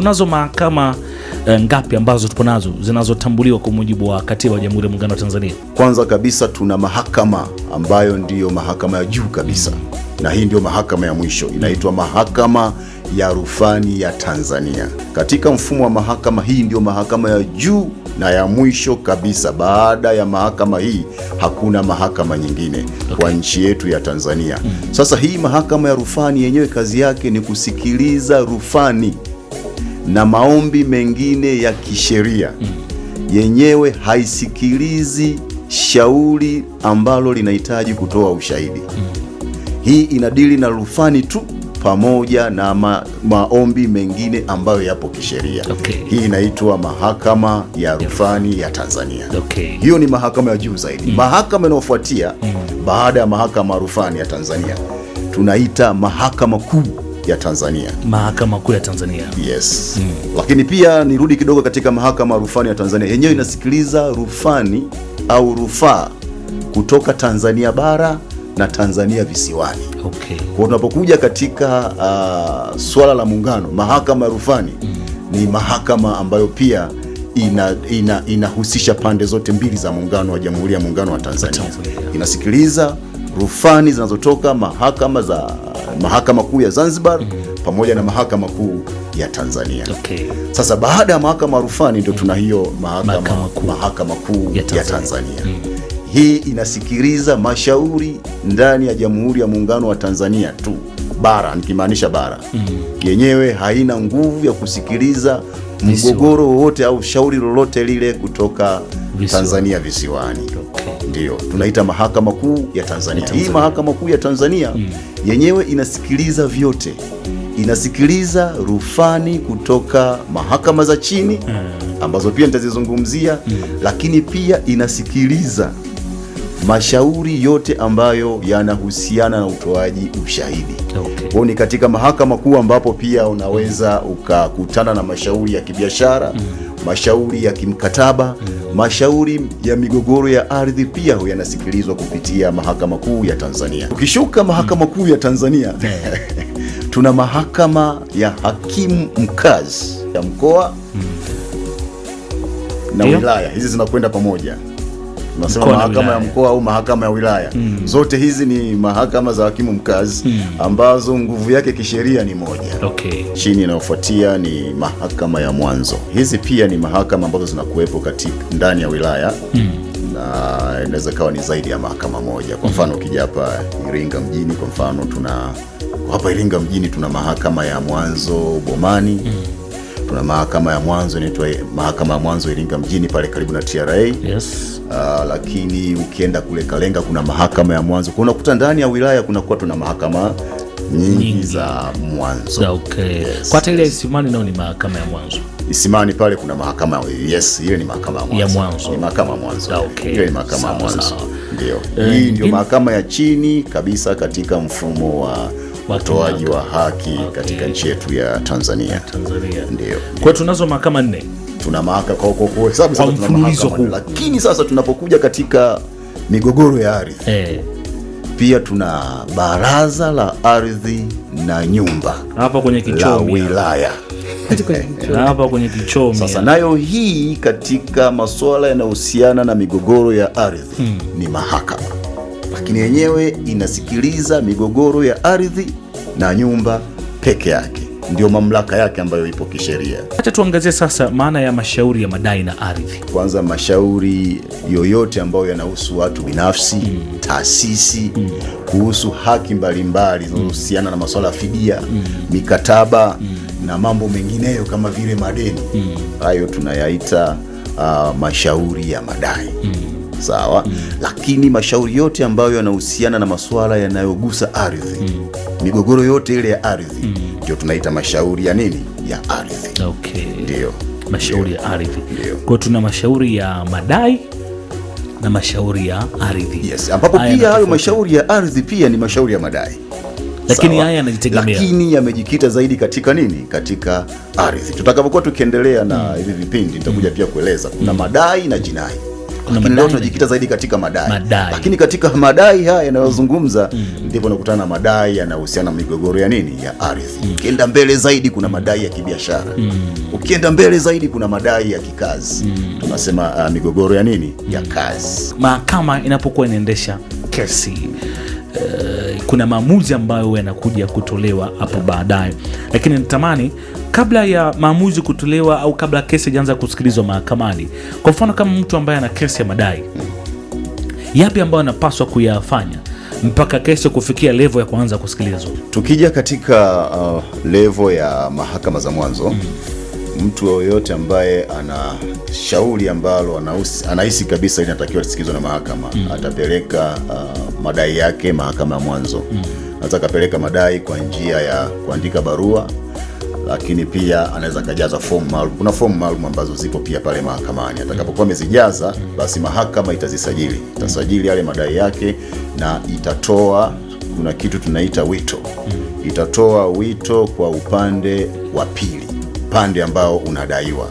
tunazo mahakama e, ngapi ambazo tupo nazo zinazotambuliwa kwa mujibu wa katiba ya Jamhuri ya Muungano wa Tanzania? Kwanza kabisa tuna mahakama ambayo ndiyo mahakama ya juu kabisa, na hii ndiyo mahakama ya mwisho, inaitwa mahakama ya rufani ya Tanzania. Katika mfumo wa mahakama, hii ndiyo mahakama ya juu na ya mwisho kabisa. Baada ya mahakama hii hakuna mahakama nyingine okay, kwa nchi yetu ya Tanzania. Mm. Sasa hii mahakama ya rufani yenyewe kazi yake ni kusikiliza rufani na maombi mengine ya kisheria mm. yenyewe haisikilizi shauri ambalo linahitaji kutoa ushahidi mm. Hii inadili na rufani tu pamoja na ma, maombi mengine ambayo yapo kisheria okay. Hii inaitwa mahakama ya rufani ya Tanzania okay. Hiyo ni mahakama ya juu zaidi mm. Mahakama inayofuatia mm. baada ya mahakama ya rufani ya Tanzania tunaita mahakama kuu ya Tanzania, mahakama kuu ya Tanzania. Yes. Mm. Lakini pia nirudi kidogo katika mahakama rufani ya Tanzania yenyewe inasikiliza rufani au rufaa kutoka Tanzania bara na Tanzania visiwani. Okay. Kwa tunapokuja katika uh, swala la muungano, mahakama ya rufani mm. ni mahakama ambayo pia ina inahusisha ina pande zote mbili za muungano wa Jamhuri ya Muungano wa Tanzania. Tanzania. Inasikiliza rufani zinazotoka mahakama za mahakama kuu ya Zanzibar mm -hmm. pamoja na mahakama kuu ya Tanzania. Okay. Sasa baada ya mahakama ya rufani ndio tuna hiyo mahakama kuu mahakama kuu ya Tanzania, ya Tanzania. Mm -hmm. Hii inasikiliza mashauri ndani ya Jamhuri ya Muungano wa Tanzania tu bara, nikimaanisha bara mm -hmm. yenyewe haina nguvu ya kusikiliza mgogoro wowote au shauri lolote lile kutoka visiwani. Tanzania visiwani ndio tunaita mahakama kuu ya Tanzania. Hii mahakama kuu ya Tanzania mm. yenyewe inasikiliza vyote, inasikiliza rufani kutoka mahakama za chini hmm. ambazo pia nitazizungumzia mm. lakini pia inasikiliza mashauri yote ambayo yanahusiana na utoaji ushahidi. Okay. Ni katika mahakama kuu ambapo pia unaweza ukakutana na mashauri ya kibiashara mm mashauri ya kimkataba, mm. mashauri ya migogoro ya ardhi pia yanasikilizwa kupitia Mahakama Kuu ya Tanzania. Ukishuka Mahakama Kuu ya Tanzania eh. tuna mahakama ya hakimu mkazi ya mkoa mm. na wilaya, hizi zinakwenda pamoja tunasema mahakama ya mkoa au mahakama ya wilaya mm. Zote hizi ni mahakama za hakimu mkazi mm. ambazo nguvu yake kisheria ni moja. Okay. Chini inayofuatia ni mahakama ya mwanzo. Hizi pia ni mahakama ambazo zinakuwepo katika ndani ya wilaya mm. na inaweza kawa ni zaidi ya mahakama moja. Kwa hmm. mfano ukija hapa Iringa mjini, kwa mfano tuna hapa Iringa mjini tuna mahakama ya mwanzo Bomani mm. Kuna mahakama ya mwanzo inaitwa mahakama ya mwanzo Iringa mjini pale karibu na TRA. Yes. Uh, lakini ukienda kule Kalenga kuna mahakama ya mwanzo. Kwa unakuta ndani ya wilaya kunakuwa tuna mahakama nyingi, nyingi za mwanzo. Okay. Yes. Kwa tele Isimani nao ni mahakama ya mwanzo. Isimani pale kuna mahakama yes, ile ni mahakama ya mwanzo. Ni mahakama ya mwanzo. Ah, okay. Ile ni mahakama ya mwanzo. Ndio. Eh, Hii ndio mahakama ya chini kabisa katika mfumo wa utoaji wa haki okay, katika nchi yetu ya Tanzania, Tanzania. Ndio. Kwa tunazo mahakama nne tuna mahakama kwa hesabu sasa tuna mahakama, lakini sasa tunapokuja katika migogoro ya ardhi hey. Eh. Pia tuna baraza la ardhi na nyumba hapa kwenye kichomi la wilaya eh. hapa kwenye kichomi sasa, nayo hii katika masuala yanayohusiana na migogoro ya ardhi hmm. ni mahakama lakini yenyewe inasikiliza migogoro ya ardhi na nyumba peke yake, ndiyo mamlaka yake ambayo ipo kisheria. Acha tuangazie sasa maana ya mashauri ya madai na ardhi. Kwanza, mashauri yoyote ambayo yanahusu watu binafsi mm. taasisi mm. kuhusu haki mbalimbali zinazohusiana mm. na masuala ya fidia mm. mikataba mm. na mambo mengineyo kama vile madeni, mm. hayo mm. tunayaita uh, mashauri ya madai mm sawa mm. Lakini mashauri yote ambayo yanahusiana na masuala yanayogusa ardhi mm. migogoro yote ile ya ardhi mm. ndio mm. tunaita mashauri ya nini ya ardhi. Okay. Ndio mashauri ya ardhi. Kwa tuna mashauri ya madai na mashauri ya ardhi. Yes, ambapo pia hayo mashauri ya ardhi pia ni mashauri ya madai lakini haya yanajitegemea, lakini yamejikita zaidi katika nini? Katika ardhi. Tutakapokuwa tukiendelea na mm. hivi mm. vipindi nitakuja mm. pia kueleza kuna mm. madai na jinai leo tunajikita zaidi katika madai, madai. Lakini katika madai haya yanayozungumza mm. ndipo mm. nakutana na madai yanayohusiana na migogoro ya nini ya ardhi mm. Ukienda mbele zaidi kuna madai ya kibiashara mm. Ukienda mbele zaidi kuna madai ya kikazi mm. Tunasema uh, migogoro ya nini mm. ya kazi. Mahakama inapokuwa inaendesha kesi kuna maamuzi ambayo yanakuja kutolewa hapo baadaye, lakini natamani kabla ya maamuzi kutolewa au kabla kesi ijaanza kusikilizwa mahakamani, kwa mfano kama mtu ambaye ana kesi ya madai, yapi ambayo anapaswa kuyafanya mpaka kesi kufikia levo ya kuanza kusikilizwa? Tukija katika uh, levo ya mahakama za mwanzo mm mtu yoyote ambaye ana shauri ambalo anahisi kabisa inatakiwa lisikizwe na mahakama mm. atapeleka uh, madai yake mahakama ya mwanzo mm. anaweza akapeleka madai kwa njia ya kuandika barua, lakini pia anaweza akajaza fomu maalum. Kuna fomu maalum ambazo zipo pia pale mahakamani. Mm. Atakapokuwa amezijaza, basi mahakama itazisajili, mm. itasajili yale madai yake na itatoa, kuna kitu tunaita wito, mm. itatoa wito kwa upande wa pili upande ambao unadaiwa.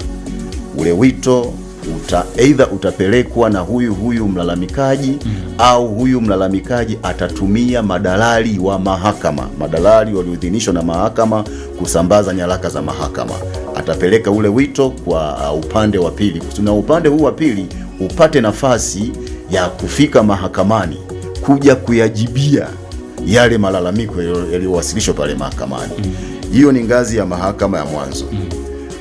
Ule wito uta aidha utapelekwa na huyu huyu mlalamikaji mm. au huyu mlalamikaji atatumia madalali wa mahakama, madalali walioidhinishwa na mahakama kusambaza nyaraka za mahakama. Atapeleka ule wito kwa uh, upande wa pili, na upande huu wa pili upate nafasi ya kufika mahakamani kuja kuyajibia yale malalamiko yaliyowasilishwa pale mahakamani mm. Hiyo ni ngazi ya mahakama ya mwanzo mm.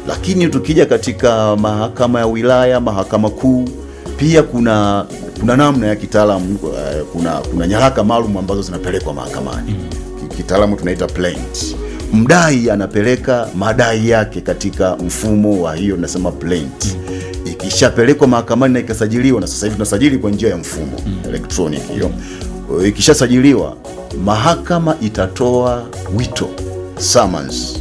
Lakini tukija katika mahakama ya wilaya, mahakama kuu, pia kuna kuna namna ya kitaalamu, eh, kuna kuna nyaraka maalum ambazo zinapelekwa mahakamani mm. Kitaalamu tunaita plaint. Mdai anapeleka madai yake katika mfumo wa hiyo nasema plaint mm. Ikishapelekwa mahakamani na ikasajiliwa, na sasa hivi tunasajili kwa njia ya mfumo mm. electronic hiyo. Ikishasajiliwa, mahakama itatoa wito summons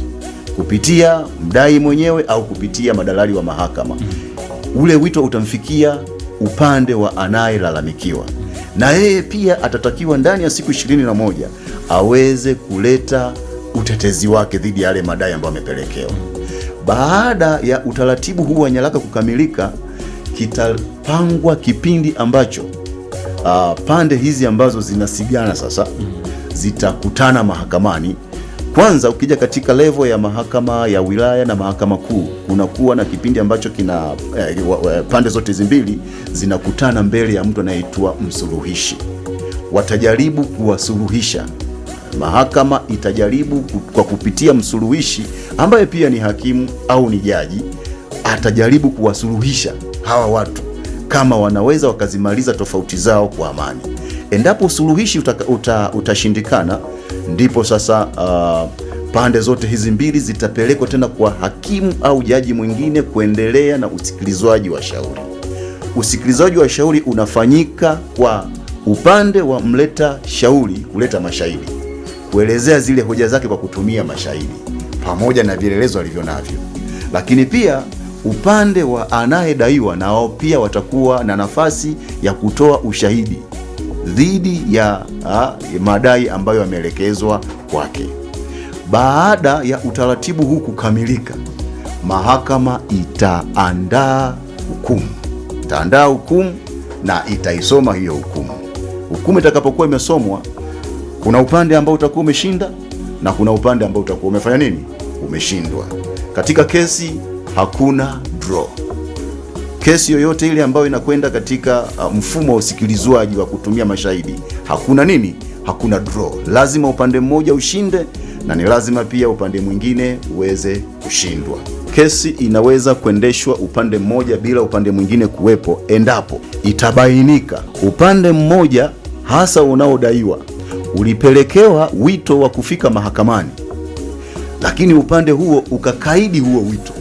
kupitia mdai mwenyewe au kupitia madalali wa mahakama. Mm-hmm. Ule wito utamfikia upande wa anayelalamikiwa, na yeye pia atatakiwa ndani ya siku ishirini na moja aweze kuleta utetezi wake dhidi ya yale madai ambayo amepelekewa. Baada ya utaratibu huu wa nyaraka kukamilika, kitapangwa kipindi ambacho uh, pande hizi ambazo zinasigana sasa mm-hmm. zitakutana mahakamani kwanza ukija katika levo ya mahakama ya wilaya na mahakama kuu, kunakuwa na kipindi ambacho kina eh, pande zote zimbili mbili zinakutana mbele ya mtu anayeitwa msuluhishi. Watajaribu kuwasuluhisha, mahakama itajaribu kwa kupitia msuluhishi ambaye pia ni hakimu au ni jaji, atajaribu kuwasuluhisha hawa watu kama wanaweza wakazimaliza tofauti zao kwa amani. Endapo usuluhishi utashindikana uta, uta ndipo sasa uh, pande zote hizi mbili zitapelekwa tena kwa hakimu au jaji mwingine kuendelea na usikilizwaji wa shauri. Usikilizwaji wa shauri unafanyika kwa upande wa mleta shauri kuleta mashahidi, kuelezea zile hoja zake kwa kutumia mashahidi pamoja na vielelezo alivyo navyo, lakini pia upande wa anayedaiwa nao pia watakuwa na nafasi ya kutoa ushahidi dhidi ya ha, madai ambayo yameelekezwa kwake. Baada ya utaratibu huu kukamilika, mahakama itaandaa hukumu, itaandaa hukumu na itaisoma hiyo hukumu. Hukumu itakapokuwa imesomwa, kuna upande ambao utakuwa umeshinda na kuna upande ambao utakuwa umefanya nini, umeshindwa. Katika kesi hakuna draw kesi yoyote ile ambayo inakwenda katika uh, mfumo wa usikilizwaji wa kutumia mashahidi, hakuna nini, hakuna draw. Lazima upande mmoja ushinde na ni lazima pia upande mwingine uweze kushindwa. Kesi inaweza kuendeshwa upande mmoja bila upande mwingine kuwepo, endapo itabainika upande mmoja hasa unaodaiwa ulipelekewa wito wa kufika mahakamani, lakini upande huo ukakaidi huo wito,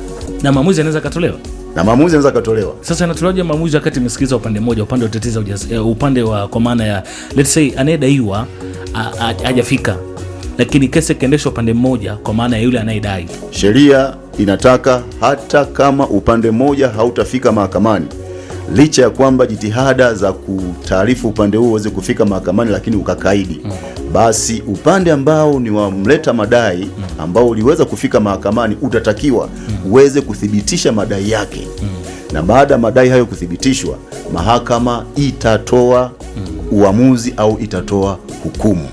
na maamuzi yanaweza katolewa na maamuzi yanaweza kutolewa. Sasa yanatolewaje maamuzi wakati msikiliza upande mmoja, upande wa tetezi, eh, upande wa kwa maana ya let's say anayedaiwa hajafika lakini kesi ikaendeshwa upande mmoja kwa maana ya yule anayedai. Sheria inataka hata kama upande mmoja hautafika mahakamani licha ya kwamba jitihada za kutaarifu upande huo uweze kufika mahakamani, lakini ukakaidi mm. Basi upande ambao ni wamleta madai mm. ambao uliweza kufika mahakamani utatakiwa mm. uweze kuthibitisha madai yake mm. na baada ya madai hayo kuthibitishwa, mahakama itatoa mm. uamuzi au itatoa hukumu,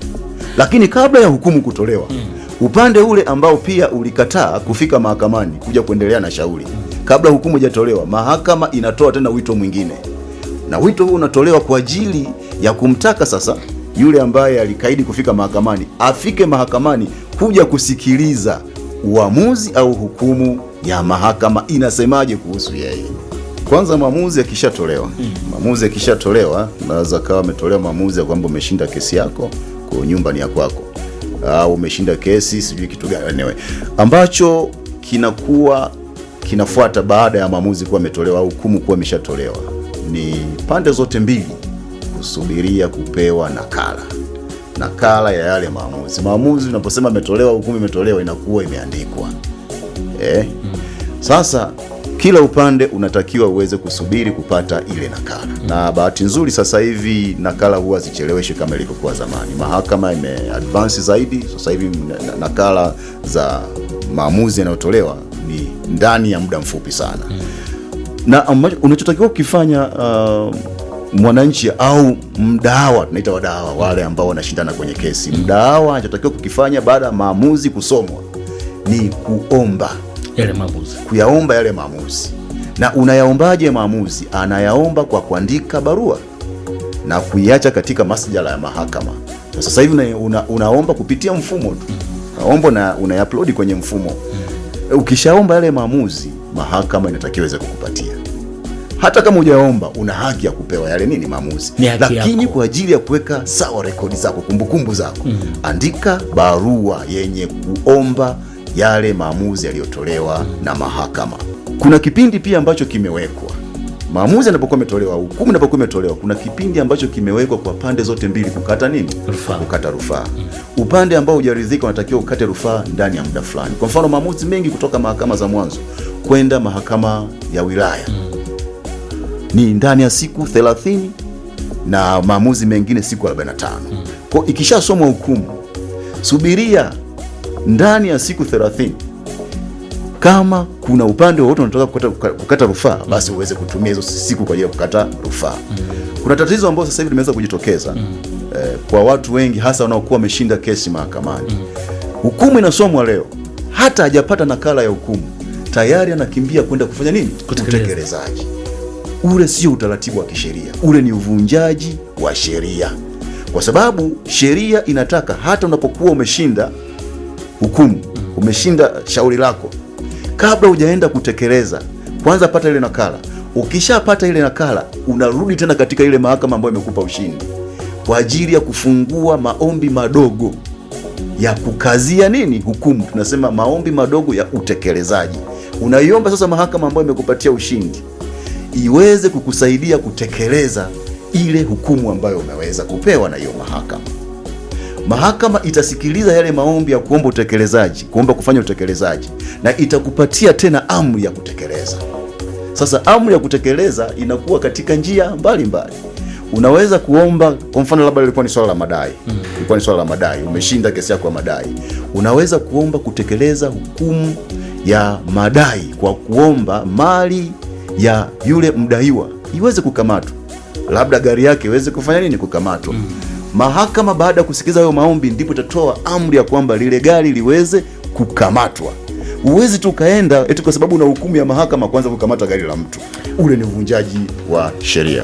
lakini kabla ya hukumu kutolewa mm. upande ule ambao pia ulikataa kufika mahakamani kuja kuendelea na shauri mm kabla hukumu haijatolewa, mahakama inatoa tena wito mwingine, na wito huu unatolewa kwa ajili ya kumtaka sasa yule ambaye alikaidi kufika mahakamani afike mahakamani kuja kusikiliza uamuzi au hukumu ya mahakama inasemaje kuhusu yeye. Kwanza maamuzi yakishatolewa, hmm. maamuzi yakishatolewa, naweza kawa ametolewa maamuzi ya kwamba umeshinda kesi yako, kwa nyumba ni ya kwako, au umeshinda kesi sijui kitu gani, anyway ambacho kinakuwa kinafuata baada ya maamuzi kuwa ametolewa au hukumu kuwa imeshatolewa, ni pande zote mbili kusubiria kupewa nakala nakala ya yale maamuzi. Maamuzi unaposema ametolewa, hukumu imetolewa, inakuwa imeandikwa eh? Sasa kila upande unatakiwa uweze kusubiri kupata ile nakala, na bahati nzuri sasa hivi nakala huwa zicheleweshe kama ilivyokuwa zamani. Mahakama ime advance zaidi sasa hivi, nakala za maamuzi yanayotolewa ndani ya muda mfupi sana mm. na unachotakiwa kukifanya uh, mwananchi au mdawa, tunaita wadawa wale ambao wanashindana kwenye kesi, mdawa anachotakiwa kukifanya baada ya maamuzi kusomwa ni kuomba yale maamuzi, kuyaomba yale maamuzi. Na unayaombaje maamuzi? Anayaomba kwa kuandika barua na kuiacha katika masjala ya mahakama. Sasa hivi una, unaomba kupitia mfumo tu, naomba na unayaupload kwenye mfumo mm. Ukishaomba yale maamuzi, mahakama inatakiwa iweze kukupatia. Hata kama hujaomba, una haki ya kupewa yale nini maamuzi, lakini kwa ajili ya kuweka sawa rekodi zako, kumbukumbu zako mm. andika barua yenye kuomba yale maamuzi yaliyotolewa mm. na mahakama. Kuna kipindi pia ambacho kimewekwa maamuzi yanapokuwa imetolewa, hukumu inapokuwa imetolewa, kuna kipindi ambacho kimewekwa kwa pande zote mbili kukata nini, rufaa, kukata rufaa. Mm. Upande ambao hujaridhika unatakiwa ukate rufaa ndani ya muda fulani. Kwa mfano, maamuzi mengi kutoka mahakama za mwanzo kwenda mahakama ya wilaya mm. ni ndani ya siku 30 na maamuzi mengine siku 45. Mm. Kwa ikishasomwa hukumu, subiria ndani ya siku kama kuna upande wowote unataka kukata, kukata rufaa basi uweze kutumia hizo siku kwa ajili ya kukata rufaa. Mm. Kuna tatizo ambalo sasa hivi limeweza kujitokeza mm. eh, kwa watu wengi hasa wanaokuwa wameshinda kesi mahakamani. Mm. Hukumu inasomwa leo, hata hajapata nakala ya hukumu tayari anakimbia kwenda kufanya nini? Utekelezaji. Ule sio utaratibu wa kisheria, ule ni uvunjaji wa sheria, kwa sababu sheria inataka hata unapokuwa umeshinda hukumu, umeshinda shauri lako kabla hujaenda kutekeleza, kwanza pata ile nakala. Ukishapata ile nakala, unarudi tena katika ile mahakama ambayo imekupa ushindi kwa ajili ya kufungua maombi madogo ya kukazia nini, hukumu. Tunasema maombi madogo ya utekelezaji. Unaiomba sasa mahakama ambayo imekupatia ushindi iweze kukusaidia kutekeleza ile hukumu ambayo umeweza kupewa na hiyo mahakama mahakama itasikiliza yale maombi ya kuomba utekelezaji, kuomba kufanya utekelezaji na itakupatia tena amri ya kutekeleza. Sasa amri ya kutekeleza inakuwa katika njia mbalimbali mbali. Unaweza kuomba kwa mfano, labda ilikuwa ni swala la madai, mm-hmm. ilikuwa ni swala la madai, umeshinda kesi yako ya madai, unaweza kuomba kutekeleza hukumu ya madai kwa kuomba mali ya yule mdaiwa iweze kukamatwa, labda gari yake iweze kufanya nini, kukamatwa. Mm-hmm. Mahakama baada ya kusikiza hayo maombi, ndipo itatoa amri ya kwamba lile gari liweze kukamatwa. Huwezi tu ukaenda eti kwa sababu una hukumu ya mahakama kwanza kukamata gari la mtu, ule ni uvunjaji wa sheria.